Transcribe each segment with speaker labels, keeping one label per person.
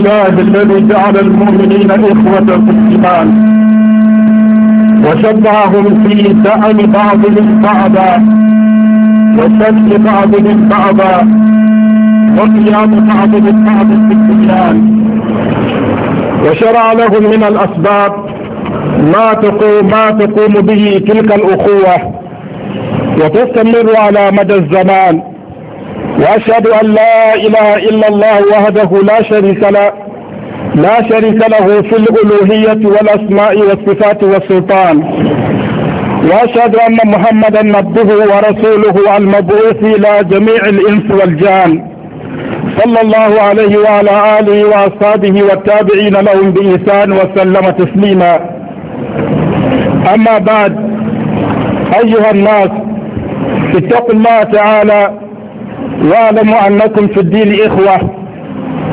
Speaker 1: الله الذي جعل المؤمنين إخوة في الإيمان وشبعهم في سأل بعضهم بعضا وشك بعضهم بعضا وقيام بعضهم بعض في الإيمان وشرع لهم من الأسباب ما تقوم, ما تقوم به تلك الأخوة وتستمر على مدى الزمان وأشهد أن لا إله إلا الله وحده لا شريك له لا شريك له في الألوهية والأسماء والصفات والسلطان وأشهد أن محمدا عبده ورسوله المبعوث إلى جميع الإنس والجان صلى الله عليه وعلى آله وأصحابه والتابعين لهم بإحسان وسلم تسليما أما بعد أيها الناس اتقوا الله تعالى واعلموا أنكم في الدين إخوة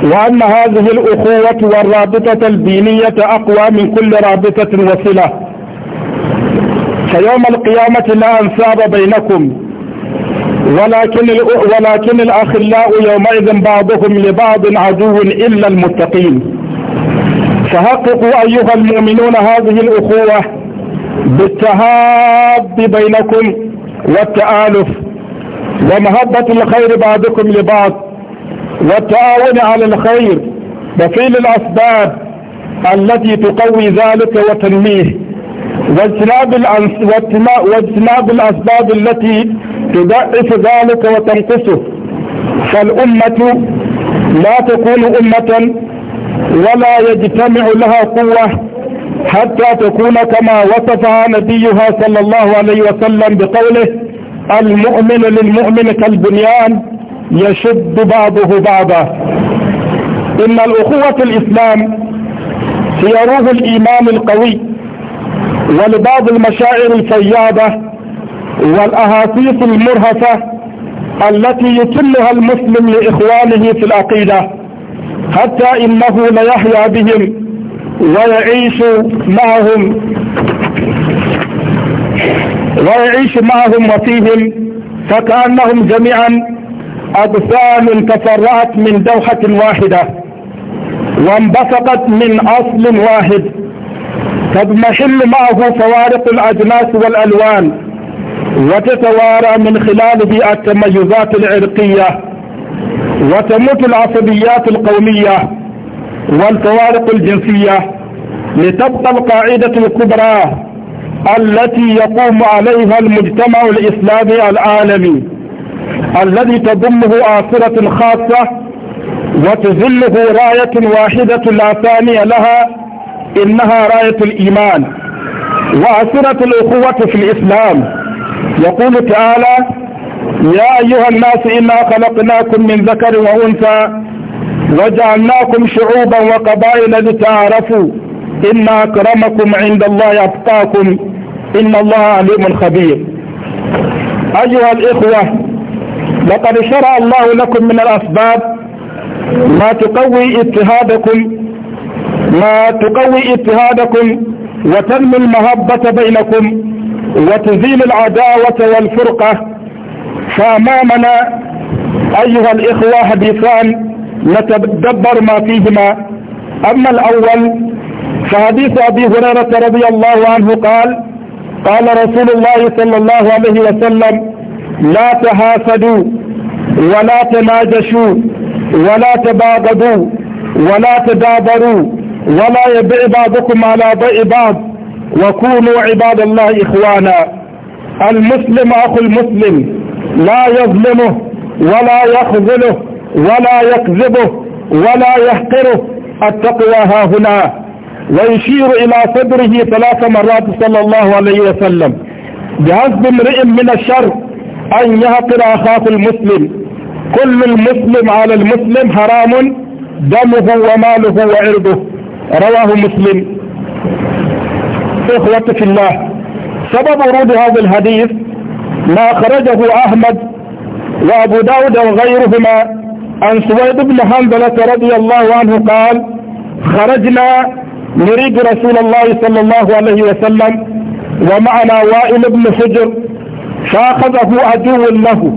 Speaker 1: وأن هذه الأخوة والرابطة الدينية أقوى من كل رابطة وصلة فيوم القيامة لا أنساب بينكم ولكن, ولكن الأخلاء يومئذ بعضهم لبعض عدو إلا المتقين فحققوا أيها المؤمنون هذه الأخوة بالتهاب بينكم والتآلف ومحبة الخير بعضكم لبعض والتعاون على الخير وفيل الأسباب التي تقوي ذلك وتنميه واجتناب الأسباب التي تضعف ذلك وتنقصه فالأمة لا تكون أمة ولا يجتمع لها قوة حتى تكون كما وصفها نبيها صلى الله عليه وسلم بقوله المؤمن للمؤمن كالبنيان يشد بعضه بعضا ان الاخوة الاسلام هي روح الايمان القوي ولبعض المشاعر الفيادة والاهاصيص المرهفة التي يتمها المسلم لاخوانه في العقيدة حتى انه ليحيا بهم ويعيش معهم ويعيش معهم وفيهم فكأنهم جميعا أجسام تفرعت من دوحة واحدة وانبثقت من أصل واحد تضمحل معه فوارق الأجناس والألوان وتتوارى من خلاله التميزات العرقية وتموت العصبيات القومية والفوارق الجنسية لتبقى القاعدة الكبرى التي يقوم عليها المجتمع الإسلامي العالمي الذي تضمه آثرة خاصة وتذله راية واحدة لا ثانية لها إنها راية الإيمان وآثرة الأخوة في الإسلام يقول تعالى يا أيها الناس إنا خلقناكم من ذكر وأنثى وجعلناكم شعوبا وقبائل لتعارفوا إن أكرمكم عند الله أتقاكم إن الله عليم خبير أيها الإخوة لقد شرع الله لكم من الأسباب ما تقوي اتهادكم ما تقوي اتهادكم وتنمي المهبة بينكم وتزيل العداوة والفرقة فأمامنا أيها الإخوة حديثان نتدبر ما فيهما أما الأول فحديث أبي هريرة رضي الله عنه قال قال رسول الله صلى الله عليه وسلم لا تحاسدوا ولا تناجشوا ولا تباغضوا ولا تدابروا ولا يبع بعضكم على بيع بعض وكونوا عباد الله إخوانا المسلم أخو المسلم لا يظلمه ولا يخذله ولا يكذبه ولا يحقره التقوى ها هنا ويشير إلى صدره ثلاث مرات صلى الله عليه وسلم بحسب امرئ من الشر أن يهقر اخاف المسلم كل المسلم على المسلم حرام دمه وماله وعرضه رواه مسلم إخوة في الله سبب ورود هذا الحديث ما خرجه أحمد وأبو داود وغيرهما عن سويد بن حنظلة رضي الله عنه قال خرجنا نريد رسول الله صلى الله عليه وسلم ومعنا وائل بن حجر فأخذه عدو له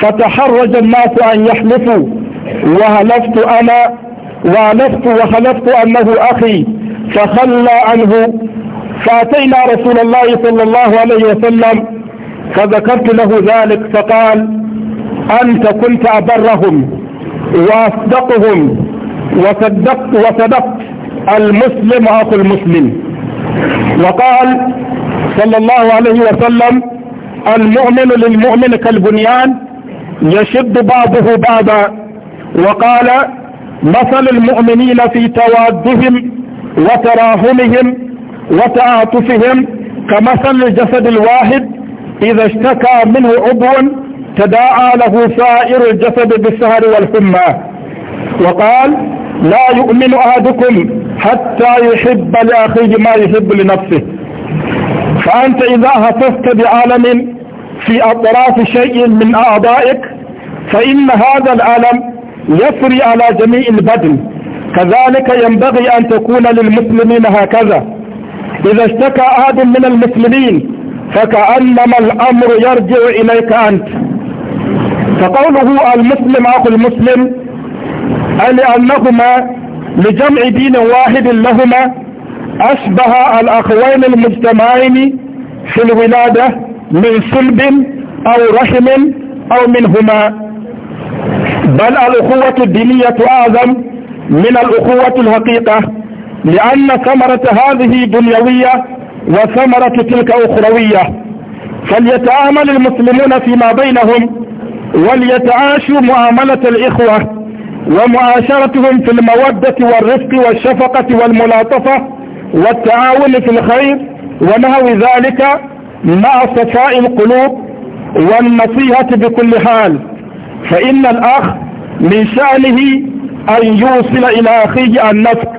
Speaker 1: فتحرج الناس أن يحلفوا وهلفت أنا وهلفت وخلفت أنه أخي فخلى عنه فأتينا رسول الله صلى الله عليه وسلم فذكرت له ذلك فقال أنت كنت أبرهم وأصدقهم وصدقت وصدقت المسلم أخو المسلم وقال صلى الله عليه وسلم المؤمن للمؤمن كالبنيان يشد بعضه بعضا وقال مثل المؤمنين في توادهم وتراهمهم وتعاطفهم كمثل الجسد الواحد إذا اشتكى منه عضو تداعى له سائر الجسد بالسهر والحمى وقال لا يؤمن أحدكم حتى يحب لأخيه ما يحب لنفسه فأنت إذا هتفت بعالم في أطراف شيء من أعضائك فإن هذا الألم يسري على جميع البدن كذلك ينبغي أن تكون للمسلمين هكذا إذا اشتكى أحد من المسلمين فكأنما الأمر يرجع إليك أنت فقوله المسلم أخو المسلم لأنهما لجمع دين واحد لهما أشبه الأخوين المجتمعين في الولادة من صلب أو رحم أو منهما بل الأخوة الدينية أعظم من الأخوة الحقيقة لأن ثمرة هذه دنيوية وثمرة تلك أخروية فليتعامل المسلمون فيما بينهم وليتعاشوا معاملة الإخوة ومعاشرتهم في المودة والرفق والشفقة والملاطفة والتعاون في الخير ونحو ذلك مع صفاء القلوب والنصيحة بكل حال فإن الأخ من شأنه أن يوصل إلى أخيه النفق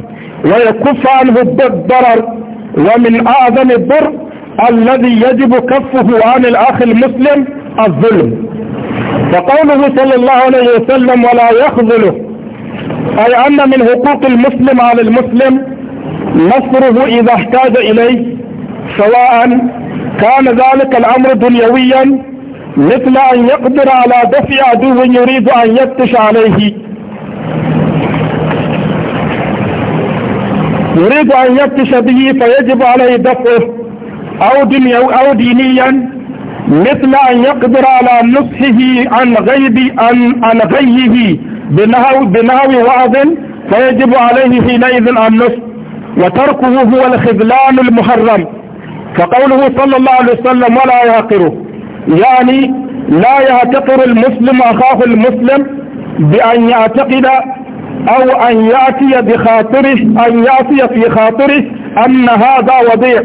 Speaker 1: ويكف عنه الضرر ومن أعظم الضر الذي يجب كفه عن الأخ المسلم الظلم وقوله صلى الله عليه وسلم ولا يخذله أي أن من حقوق المسلم على المسلم نصره إذا احتاج إليه سواء كان ذلك الأمر دنيويا مثل أن يقدر على دفع عدو يريد أن يفتش عليه يريد أن يفتش به فيجب عليه دفعه أو, أو دينيا مثل أن يقدر على نصحه عن غيب عن عن غيه بنهو بنهو وعظ فيجب عليه حينئذ النصح وتركه هو الخذلان المحرم فقوله صلى الله عليه وسلم ولا يعقره يعني لا يعتقر المسلم أخاه المسلم بأن يعتقد أو أن يأتي بخاطره أن يأتي في خاطره أن هذا وضيع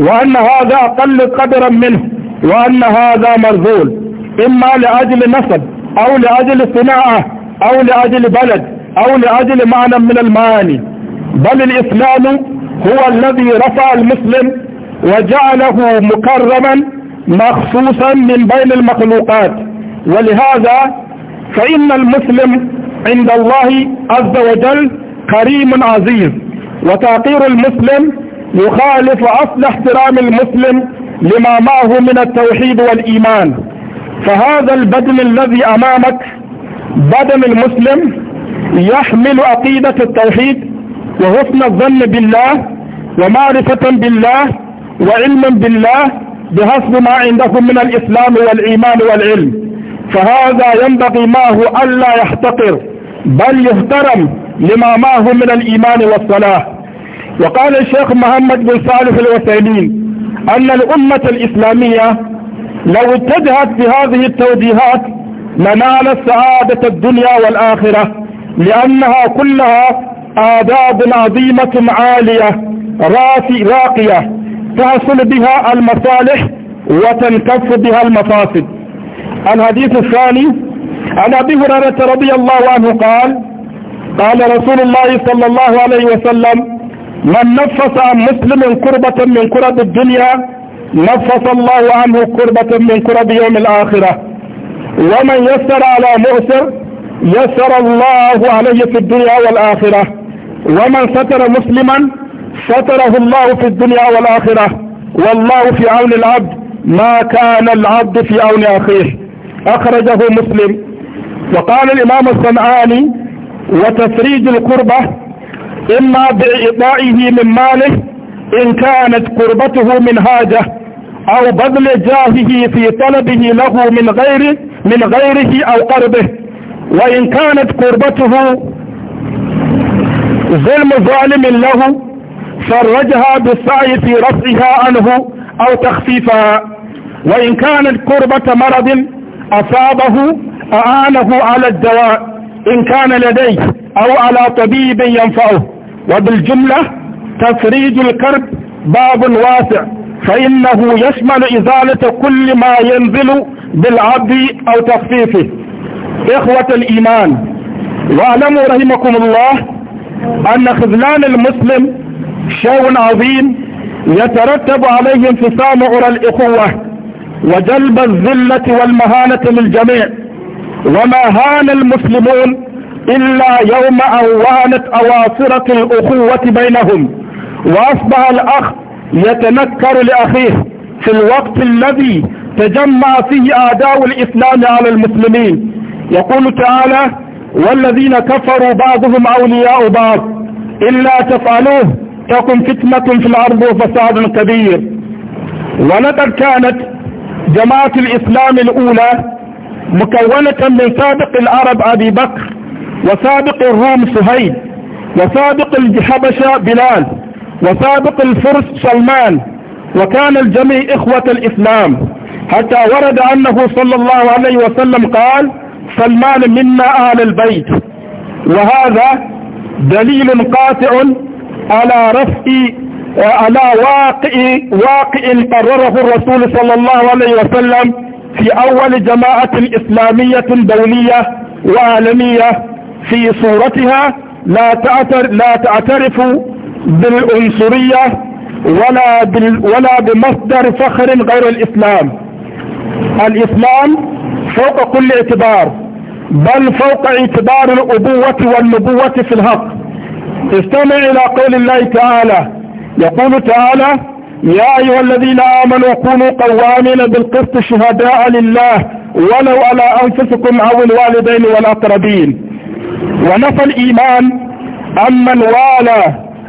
Speaker 1: وأن هذا أقل قدرا منه وأن هذا مرذول إما لأجل نسب أو لأجل صناعة أو لأجل بلد أو لأجل معنى من المعاني بل الإسلام هو الذي رفع المسلم وجعله مكرما مخصوصا من بين المخلوقات ولهذا فإن المسلم عند الله عز وجل كريم عزيز وتعقير المسلم يخالف أصل احترام المسلم لما معه من التوحيد والإيمان فهذا البدن الذي أمامك بدن المسلم يحمل عقيدة التوحيد وحسن الظن بالله ومعرفة بالله وعلم بالله بحسب ما عندكم من الإسلام والإيمان والعلم فهذا ينبغي معه ألا يحتقر بل يحترم لما معه من الإيمان والصلاة وقال الشيخ محمد بن صالح الوسيمين أن الأمة الإسلامية لو اتجهت بهذه التوجيهات لنالت سعادة الدنيا والآخرة لأنها كلها آداب عظيمة عالية راقية تحصل بها المصالح وتنكف بها المفاسد الحديث الثاني عن أبي هريرة رضي الله عنه قال قال رسول الله صلى الله عليه وسلم من نفس عن مسلم كربة من كرب الدنيا نفس الله عنه كربة من كرب يوم الآخرة ومن يسر على مؤسر يسر الله عليه في الدنيا والآخرة ومن ستر مسلما ستره الله في الدنيا والآخرة والله في عون العبد ما كان العبد في عون أخيه أخرجه مسلم وقال الإمام الصنعاني وتفريج الكربة إما بإعطائه من ماله إن كانت قربته من هاجة أو بذل جاهه في طلبه له من غيره من غيره أو قربه وإن كانت قربته ظلم ظالم له فرجها بالسعي في رفعها عنه أو تخفيفها وإن كانت قربة مرض أصابه أعانه على الدواء إن كان لديه أو على طبيب ينفعه وبالجملة تفريج الكرب باب واسع فإنه يشمل إزالة كل ما ينزل بالعبد أو تخفيفه إخوة الإيمان واعلموا رحمكم الله أن خذلان المسلم شيء عظيم يترتب عليه انفصام عرى الإخوة وجلب الذلة والمهانة للجميع وما هان المسلمون إلا يوم أوانت أواصرة الأخوة بينهم وأصبح الأخ يتنكر لأخيه في الوقت الذي تجمع فيه أعداء الإسلام على المسلمين يقول تعالى والذين كفروا بعضهم أولياء بعض إلا تفعلوه تكن فتنة في الأرض وفساد كبير ولقد كانت جماعة الإسلام الأولى مكونة من سابق العرب أبي بكر وسابق الروم سهيل وسابق الحبشة بلال وسابق الفرس سلمان وكان الجميع إخوة الإسلام حتى ورد أنه صلى الله عليه وسلم قال سلمان منا أهل البيت وهذا دليل قاطع على رفع على واقع واقع قرره الرسول صلى الله عليه وسلم في أول جماعة إسلامية دولية وعالمية في صورتها لا تعترف, لا تعترف بالعنصرية ولا بال ولا بمصدر فخر غير الإسلام الإسلام فوق كل اعتبار بل فوق اعتبار الأبوة والنبوة في الحق استمع إلى قول الله تعالى يقول تعالى يا أيها الذين آمنوا كونوا قوامين بالقسط شهداء لله ولو على أنفسكم أو الوالدين والأقربين ونفى الإيمان أمن والى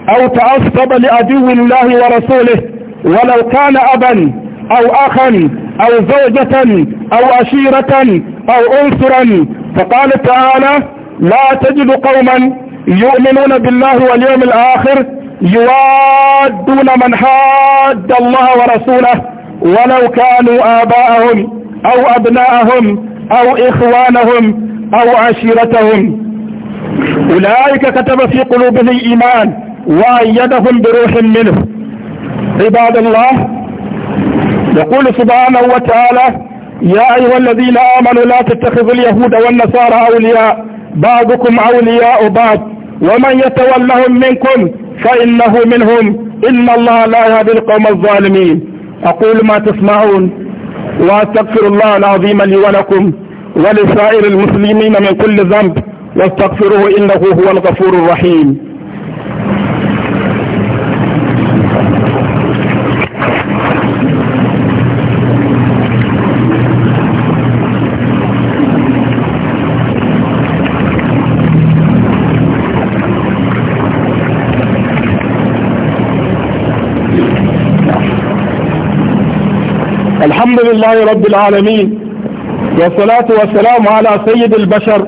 Speaker 1: أو تعصب لعدو الله ورسوله ولو كان أبا أو أخا أو زوجة أو عشيرة أو أنصرا فقال تعالى لا تجد قوما يؤمنون بالله واليوم الآخر يوادون من حاد الله ورسوله ولو كانوا آباءهم أو أبناءهم أو إخوانهم أو عشيرتهم أولئك كتب في قلوبهم الإيمان وأيدهم بروح منه عباد الله يقول سبحانه وتعالى يا أيها الذين آمنوا لا تتخذوا اليهود والنصارى أولياء بعضكم أولياء بعض ومن يتولهم منكم فإنه منهم إن الله لا يهدي القوم الظالمين أقول ما تسمعون وأستغفر الله العظيم لي ولكم ولسائر المسلمين من كل ذنب واستغفروه إنه هو الغفور الرحيم الحمد لله رب العالمين والصلاة والسلام على سيد البشر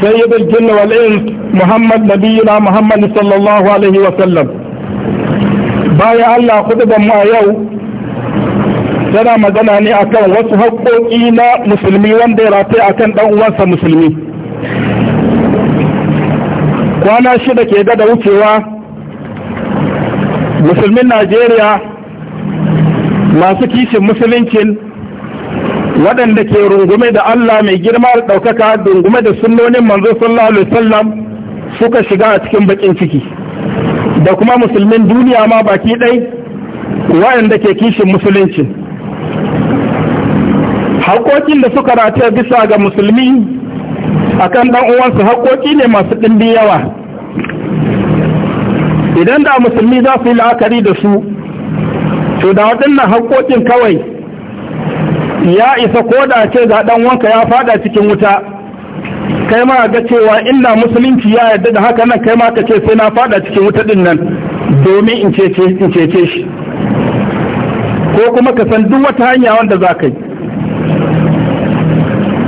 Speaker 1: سيد الجن والإنس محمد نبينا محمد صلى الله عليه وسلم بايا الله خطبا ما يو tana magana ne akan wasu haƙoƙi na musulmi wanda ya ratai akan ɗan uwansa musulmi kwana shida ke da wucewa musulmin najeriya masu kishin musuluncin waɗanda ke rungume da Allah mai girma da ɗaukaka rungume da sunonin manzo sallallahu alaihi wasallam suka shiga a cikin bakin ciki da kuma musulmin duniya ma baki ɗai waɗanda ke kishin musulunci haƙoƙin da suka rataya bisa ga musulmi akan ɗan uwansu haƙoƙi ne masu ɗimbi yawa idan da musulmi za su yi la'akari da su to da waɗannan haƙoƙin kawai ya isa ko da ce ga dan wanka ya fada cikin wuta kai ma ga cewa inna musulunci ya yarda da haka nan kai ma ka ce sai na fada cikin wuta din nan domin in cece in cece shi ko kuma ka san duk wata hanya wanda za ka yi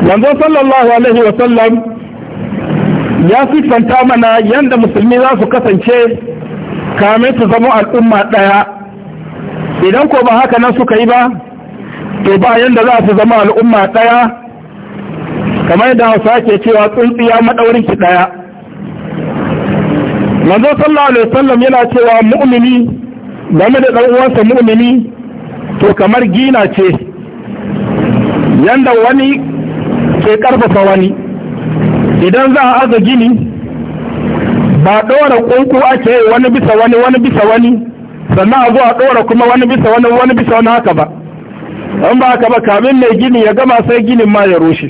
Speaker 1: manzo sallallahu alaihi wa sallam ya siffanta mana yanda musulmi za su kasance kamin su zama al'umma ɗaya idan ko ba haka nan suka yi ba to ba yadda za su zama al'umma ɗaya kamar da hausa ke cewa tsuntsiya maɗaurin ki ɗaya manzo sallallahu alaihi wasallam yana cewa mu'mini game da ɗan uwansa mu'mini to kamar gina ce yanda wani ke ƙarfafa wani idan za a aza gini ba ɗora ƙunku ake wani bisa wani wani bisa wani sannan a zo a ɗora kuma wani bisa wani wani bisa wani haka ba an ba ka ba kamin mai gini ya gama sai ginin ma ya rushe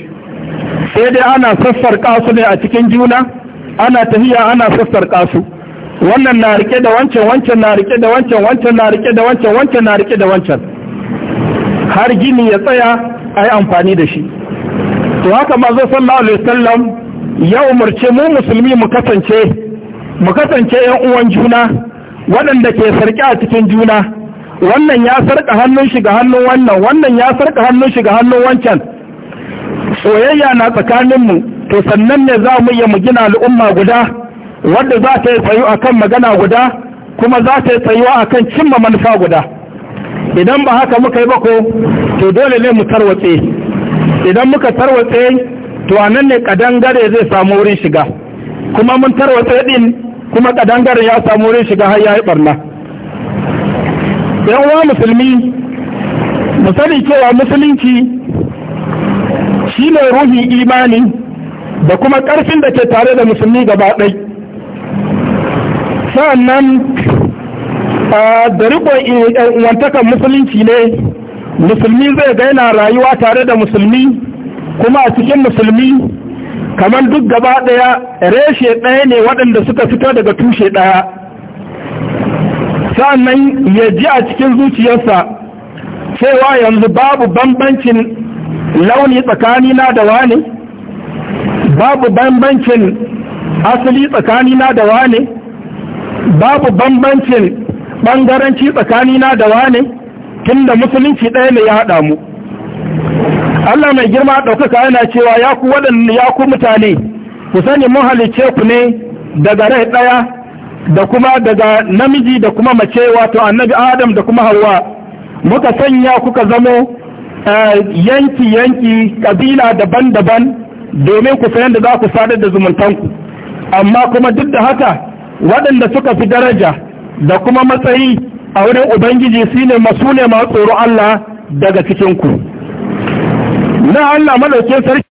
Speaker 1: sai dai ana sassar kasu ne a cikin juna ana tafiya ana sassar kasu. wannan na rike da wancan wancan na rike da wancan wancan na rike da wancan wancan na rike da wancan har gini ya tsaya a yi amfani da shi to haka mazo sallallahu alaihi wasallam ya umarce mu musulmi mu kasance mu kasance yan uwan juna waɗanda ke sarki a cikin juna wannan ya sarka hannun shi ga hannun wannan wannan ya sarka hannun shi ga hannun wancan soyayya na tsakaninmu to sannan ne za mu iya mu gina al'umma guda wadda za ta yi tsayo kan magana guda kuma za ta yi a kan cimma manufa guda idan ba haka muka yi bako to dole ne mu tarwatse idan muka tarwatse to a nan ne kadangare zai samu wurin shiga kuma mun tarwatse din kuma kadangare ya samu wurin shiga har ya yi barna yan uwa musulmi mu sani cewa musulunci shi ne ruhin imani da kuma ƙarfin da ke tare da musulmi gaba ɗai sa'annan da riƙon wantakan musulunci ne musulmi zai gaina rayuwa tare da musulmi kuma a cikin musulmi kamar duk gaba ɗaya reshe ɗaya ne waɗanda suka fito daga tushe ɗaya sa'annan ya ji a cikin zuciyarsa cewa yanzu babu bambancin launi tsakanina da wane babu bambancin asali tsakanina da wane babu bambancin ɓangaranci tsakanina da wane tunda musulunci ɗaya ne ya haɗa mu Allah mai girma ɗaukaka yana cewa ya ku waɗanda ya ku mutane ku sani mun halice ku ne daga rai ɗaya da kuma daga namiji da kuma mace wato annabi adam da kuma hawa muka sanya kuka zamo yanki-yanki eh, kabila daban-daban domin ku sayan da za ku sadar da zumuntanku amma kuma duk da haka waɗanda suka fi daraja da kuma matsayi a wurin ubangiji su ne masu ne masu tsoro Allah daga cikinku na Allah malaukin sarki